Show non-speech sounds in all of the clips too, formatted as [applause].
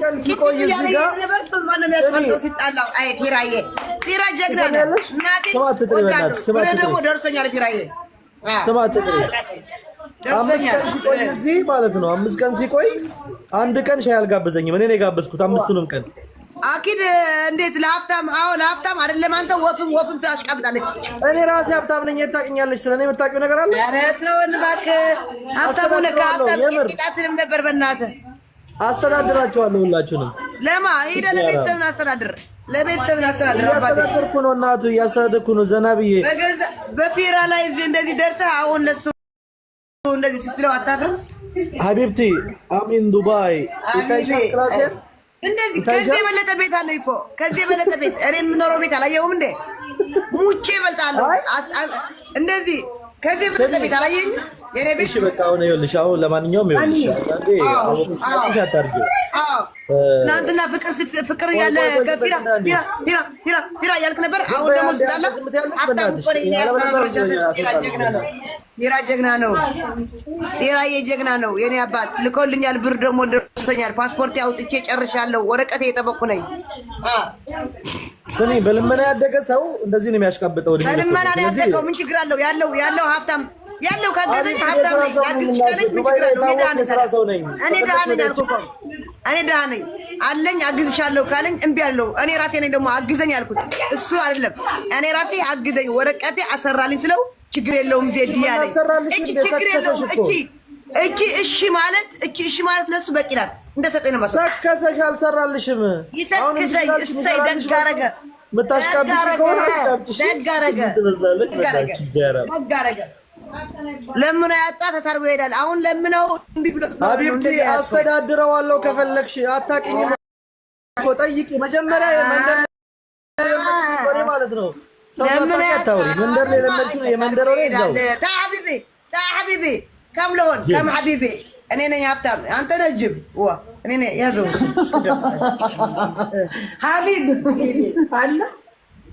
ቀን ሲቆይ እዚህ ማለት ነው። አምስት ቀን ሲቆይ አንድ ቀን ሻይ አልጋበዘኝም። እኔ ነው የጋበዝኩት አምስቱንም ቀን አኪድ እንዴት ለሀብታም? አዎ ለሀብታም አይደለም። አንተ ወፍም ወፍም ታሽቀብጣለች። እኔ ራሴ ሀብታም ነኝ። የት ስለ እኔ የምታውቂው ነገር አለ? ኧረ ተወን እባክህ። ሀብታም ሆነ ከሀብታም ቂጣትንም ነበር በእናትህ አስተዳድራቸዋለሁ ሁላችሁንም። ለማ ሄደህ ለቤተሰብን አስተዳድር፣ ለቤተሰብን አስተዳድር። እያስተዳደርኩ ነው እናቱ፣ እያስተዳደርኩ ነው። ዘና ብዬ በፌራ ላይ እዚህ እንደዚህ ደርሰህ አሁን ለሱ እንደዚህ ስትለው አታፍርም? ሀቢብቲ አሚን ዱባይ እንደዚህ ከዚህ የበለጠ ቤት አለ እኮ ከዚህ የበለጠ ቤት እኔ የምኖረው ቤት አላየሁም እንዴ? ሙቼ እበልጣለሁ እንደዚህ ከዚህ የበለጠ ቤት አላየኝ እሺ በቃ አሁን ይኸውልሽ፣ አሁን ለማንኛውም ይኸውልሽ፣ አታርጊ። ትናንትና ፍቅር ፍቅር ያለ ቢራ ቢራ ቢራ ቢራ ያልክ ነበር። አሁን ደግሞ ቢራ ጀግና ነው። ቢራዬ ጀግና ነው። የኔ አባት ልኮልኛል፣ ብር ደግሞ ደርሶኛል። ፓስፖርት አውጥቼ ጨርሻለሁ። ወረቀቴ የጠበኩ ነኝ። እኔ በልመና ያደገ ሰው እንደዚህ ነው የሚያሽቃብጠው። ልመና ያደገው ምን ችግር አለው? ያለው ያለው ሀብታም ያለው ካገዘኝ ሀብታም ነኝ። ያግልች ካለኝ ምን እኔ ድሃ ነኝ እኔ ድሃ ነኝ አለኝ። አግዝሻለሁ ካለኝ እምቢ አለው። እኔ ራሴ ነኝ ደግሞ አግዘኝ ያልኩት እሱ አይደለም። እኔ ራሴ አግዘኝ ወረቀቴ አሰራልኝ ስለው ችግር የለውም ዜድ ያለኝ እቺ ችግር የለውም እቺ እቺ እሺ ማለት እቺ እሺ ማለት ለሱ በቂ ናት። እንደሰጠኝ ነው ማለት ሰከሰሽ አልሰራልሽም። ይሰከሰኝ እሰይ ደግ አደረገ ምታሽቃብሽ ከሆነ ደግ አደረገ ደግ አደረገ ለምኖ ያጣ ተሳርቦ ይሄዳል። አሁን ለምነው እምቢ ብሎ አቢብቲ አስተዳድረዋለሁ። ከፈለግሽ አታውቂኝ እኮ ጠይቂ። መጀመሪያ የመንደር ማለት ነው። ከም ሀቢቢ እኔ ነኝ ሀብታም፣ አንተ ዋ እኔ ሀቢብ [laughs] አለ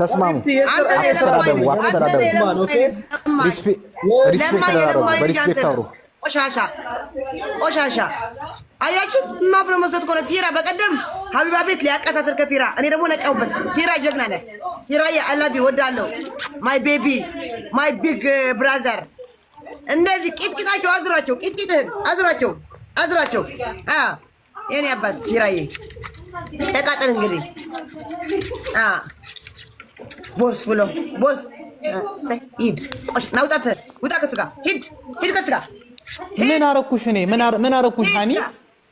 ተስማሙ። አትሰዳደቡ፣ አትሰዳደቡ። ሪስፔክት አውሩ። ቆሻሻ ቆሻሻ አያችሁት? ማፍሮ መስጠት ከሆነ ፊራ በቀደም ሀቢባ ቤት ሊያቀሳስር ከፊራ እኔ ደግሞ ነቀውበት። ፊራ ጀግና ነህ። ፊራ አላቢ ወዳለው ማይ ቤቢ ማይ ቢግ ብራዘር። እንደዚህ ቂጥቂጣቸው አዝራቸው፣ ቂጥቂጥህን አዝራቸው፣ አዝራቸው። የኔ አባት ፊራዬ ተቃጠል እንግዲህ ቦስ ብሎ ቦስ ሂድ፣ ናውጣት ውጣ፣ ከሱ ሂድ፣ ሂድ ከስጋ ምን አረኩሽ? እኔ ምን አረኩሽ? ሀኒ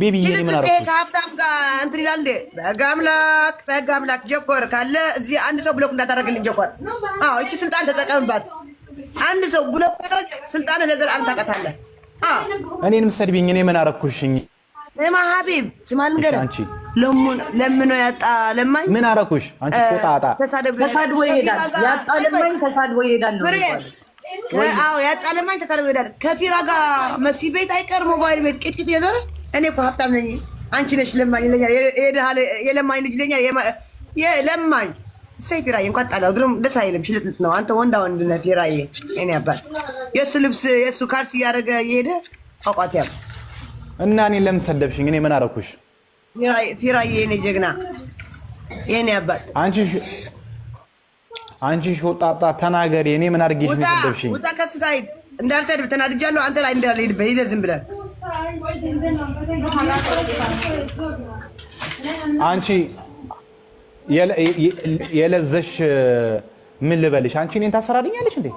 ቤቢዬ ምን አረኩሽ? ከሀብታም ጋር እንትን ይላል እንዴ? ጸጋ አምላክ፣ ጸጋ አምላክ። ጀኮር ካለ እዚህ አንድ ሰው ብሎክ እንዳታደርግልኝ ጀኮር። አዎ እቺ ስልጣን ተጠቀምባት። አንድ ሰው ብሎክ ታደርግ ስልጣን ለዘር አንተ ታውቃታለህ። እኔንም ሰድቢኝ። እኔ ምን አረኩሽኝ? ስማ ሀቢብ፣ ስማ ልንገርህ ለምኖ ያጣ ለማኝ ምን አረኩሽ? አንቺ ቆጣጣ ተሳድቦ ይሄዳል። ያጣ ለማኝ ተሳድቦ ይሄዳል። አዎ ያጣ ለማኝ ተሳድቦ ይሄዳል። ከፊራ ጋር መሲ ቤት አይቀር ሞባይል ቤት ቅጭቅጭ የዞረ እኔ እኮ ሀብታም ነኝ፣ አንቺ ነሽ ለማኝ ይለኛል። የለማኝ ልጅ ይለኛል። የለማኝ እሰይ ፊራዬ እንኳን ጣላ ድሮም ደስ አይልም። ሽልጥልጥ ነው። አንተ ወንዳ ወንድ ነህ ፊራዬ። እኔ አባት የእሱ ልብስ የእሱ ካልሲ እያደረገ እየሄደ አውቋት ያም እና እኔ ለምን ሰደብሽኝ? እኔ ምን አረኩሽ? ፊራዬ የኔ ጀግና የኔ አባት አንቺ አንቺ ሾጣጣ ተናገሪ። እኔ ምን አድርጌሽ ነው የሰደብሽኝ? ውጣ ከሱ ጋር እንዳልሰድብ ተናድጃለሁ። አንተ ላይ እንዳልሄድበት ሂደህ ዝም ብለህ አንቺ የለዘሽ ምን ልበልሽ? አንቺ እኔን ታሰራድኛለሽ እንዴ?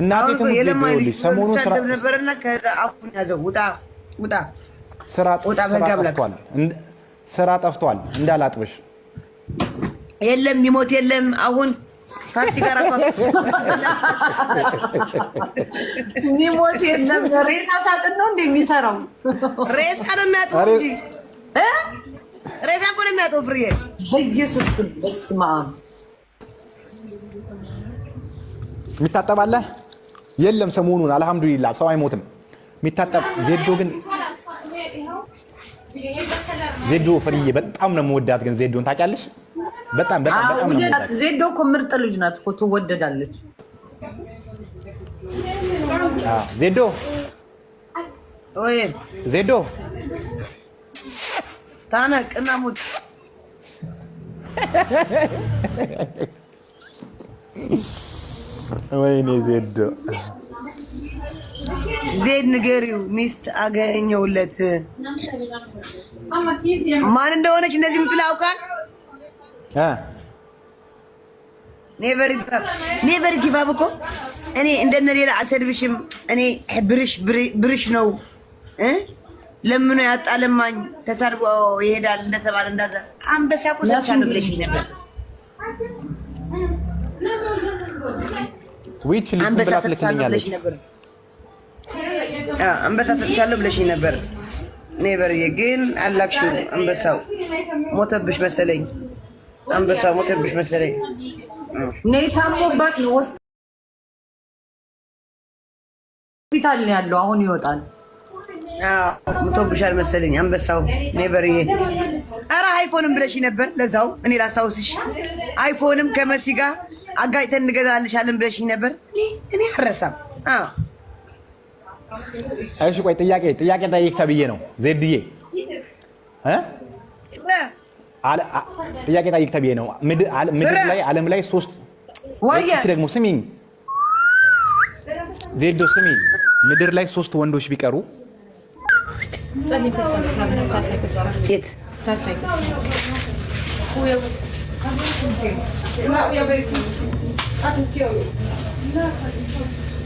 እናቴ ትሙት ልጅ ሰሞኑን ስራ ነበርና ከዛ አፉን ያዘው። ውጣ ውጣ ስራ ጠፍቷል እንዳላጥብሽ። የለም ሚሞት የለም አሁን ፋሲ ጋር ሚሞት የለም። ሬሳ ሳጥን ነው እንደ የሚሰራው ሬሳ ነው የሚያጥሩ ሬሳ እኮ ነው የሚያጥሩ ፍርዬ፣ በኢየሱስ በስመ አብ የሚታጠብ የለም። ሰሞኑን አልሐምዱሊላህ ሰው አይሞትም። የሚታጠብ ዜዶ ግን ዜዶ ፍርዬ በጣም ነው የምወዳት። ግን ዜዶን ታውቂያለሽ? በጣም በጣም በጣም ነው የምወዳት። ዜዶ እኮ ምርጥ ልጅ ናት እኮ ትወደዳለች። ዜዶ ወይ ዜዶ ታነቅ እና ሙት ወይኔ ዜዶ ዜድ ንገሪው ሚስት አገኘውለት ማን እንደሆነች እንደዚህ የምትል አውቃል። ኔቨር ጊቭ እኮ እኔ እንደነ ሌላ አልሰድብሽም። እኔ ብርሽ ብርሽ ነው ለምኖ ያጣ ለማኝ ተሳድቦ ይሄዳል እንደተባለ እንዳዛ አንበሳ እኮ ሰጥቻለሁ ብለሽ ነበር። አንበሳ ሰጥቻለሁ ብለሽ ነበር። አንበሳ ሰጥቻለሁ ብለሽኝ ነበር። ኔበርዬ ግን አላክሽ አንበሳው ሞተብሽ መሰለኝ። አንበሳው ሞተብሽ መሰለኝ። ኔ ታሞባት ነው ሆስፒታል ነው ያለው። አሁን ይወጣል። ሞተብሻል መሰለኝ አንበሳው። ኔበርዬ ኧረ አይፎንም ብለሽኝ ነበር። ለዛው እኔ ላስታውስሽ፣ አይፎንም ከመሲ ጋር አጋጭተን እንገዛልሻለን ብለሽኝ ነበር። እኔ አረሳም። እሺ ቆይ ጥያቄ ጥያቄ ጠይቅ ተብዬ ነው ዜድዬ ጥያቄ ጠይቅ ተብዬ ነው። ምድር ላይ ዓለም ላይ ሶስት ወይስ ደግሞ ስሚኝ ዜዶ ስሚኝ፣ ምድር ላይ ሶስት ወንዶች ቢቀሩ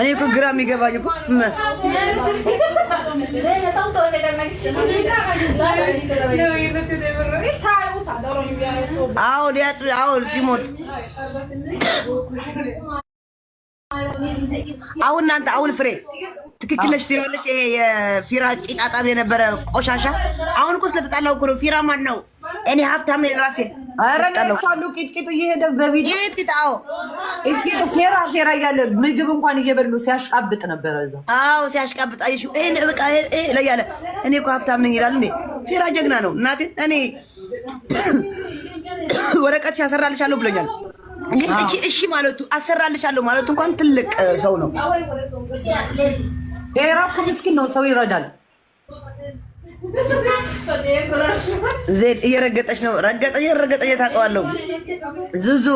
እኔ እኮ ግራ የሚገባኝ እኮ አዎ ሲሞት አሁን እናንተ አሁን ፍሬ ትክክል ነሽ ትሆንልሽ። ይሄ የፊራ ጭጣጣም የነበረ ቆሻሻ አሁን እኮ ስለተጣላው ፊራ ማን ነው? እኔ ሀብታም ነኝ ራሴ ኧረ እላችኋለሁ ቂጥቂጡ እየሄደ በቪዲዮ ቂጥቂጣው ቂጥቂጡ ፌራ ፌራ እያለ ምግብ እንኳን እየበሉ ሲያሽቃብጥ ነበረ። እዛ አዎ ሲያሽቃብጥ አየሽው? ይሄን በቃ ይሄ ያለ እኔ እኮ ሀብታም ነኝ ይላል እንዴ! ፌራ ጀግና ነው። እናቴ እኔ ወረቀት ሲያሰራልሻለሁ ብሎኛል። ግን እቺ እሺ ማለቱ አሰራልሻለሁ ማለቱ እንኳን ትልቅ ሰው ነው። ፌራ እኮ ምስኪን ነው፣ ሰው ይረዳል። ዜድ እየረገጠች ነው። ረገጠ እየረገጠ እየታቀዋለሁ። ዝዙ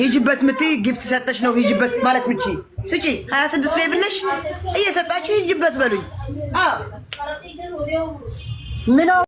ሂጅበት ምትይ ጊፍት ሰጠች ነው ሂጅበት ማለት ምቺ ስጪ ሀያ ስድስት ላይ ብለሽ እየሰጣችሁ ሂጅበት በሉኝ። ምነው